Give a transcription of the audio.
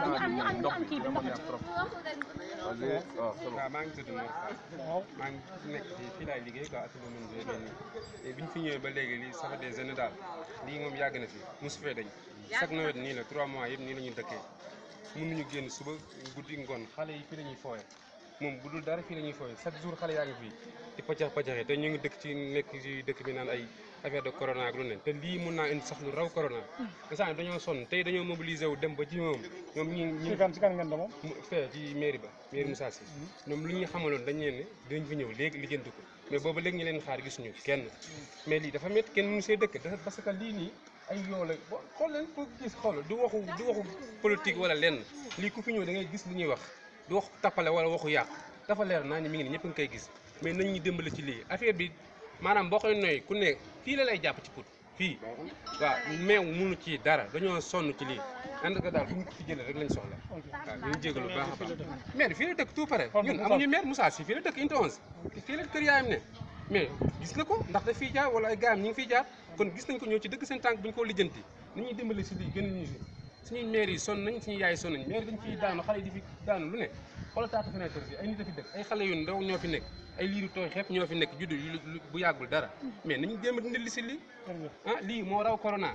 ndox bi dama neex trop. waaw maa ngi tudd Mor maa ngi nekk fii fii laay liggéey quoi asile moom lañ leen nii bi ñu fi ñëwee ba léegi lii ça des années daal lii moom yàgg na fi mosu fee dañ chaque nawet nii la trois mois yëpp nii la ñu dëkkee mënuñu génn suba guddi ngoon xale yi fii la ñuy fooyee moom bu dul dara fii la ñuy fooyee chaque jour xale yaa ngi fii di paccax paccaxee te ñu ngi dëkk ci nekk ci dëkk bi naan ay affaire de corona ak lu ne te lii mun naa indi sax lu raw corona. instant dañoo sonn tey dañoo mobiliser wu dem ba ci moom. ñoom ñi ñu ci kan ci kan ngeen demoon. fee ci mairie ba mairie Moussa Sy. Mm-hmm. ñoom lu ñu xamaloon dañ leen ne dinañ fi ñëw léegi lijjanti ko mais booba léegi ñu leen xaar gisuñu kenn. Mm-hmm. mais lii dafa métti kenn mënu see dëkk parce que lii nii ay yoo la boo xool leen pour gis xool du waxu du waxu politique da ngay gis li ñuy wax du wax tappale wala waxu yàq dafa leer naa ni mi ngi ne ñëpp nga koy gis mais nañ ñu dimbali ci lii affaire bi maanaam boo koy noy ku ne fii la lay jàpp ci put fii waaw meew munu ci dara dañoo sonn ci lii ànd ko daal bu ñu ko fi jëlee rek lañ soxla waaw ñu ngi jégalu baax a baax maire fii la dëkk tout pare ñun amuñu maire Moussa si fii la dëkk inte onze fii la kër yaayam ne mais gis na ko ndax daf fiy jaar wala ay gaayam ñi ngi fiy jaar kon gis nañ ko ñëw ci dëgg seen tànk bu ñu koo lijjanti ni si lii su maire yi sonn nañ suñuy yaay sonn nañ maire dañ ciy daanu xale yi di fi daanu lu ne xoolal taatu fenêtre a fi dëkk ay xale yu ndaw ñoo fi nekk ay liiru tooy xepp ñoo fi nekk juddu bu yàggul dara mais nañu jéem a dindi li si lii ah lii moo raw corona